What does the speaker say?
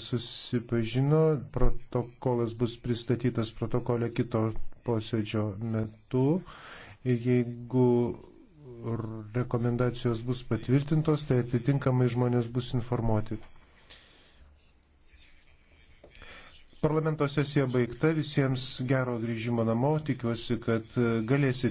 susipažino, protokolas bus pristatytas protokolė kito posėdžio metu ir jeigu rekomendacijos bus patvirtintos, tai atitinkamai žmonės bus informuoti. Parlamento sesija baigta, visiems gero grįžimo namo, tikiuosi, kad galėsite.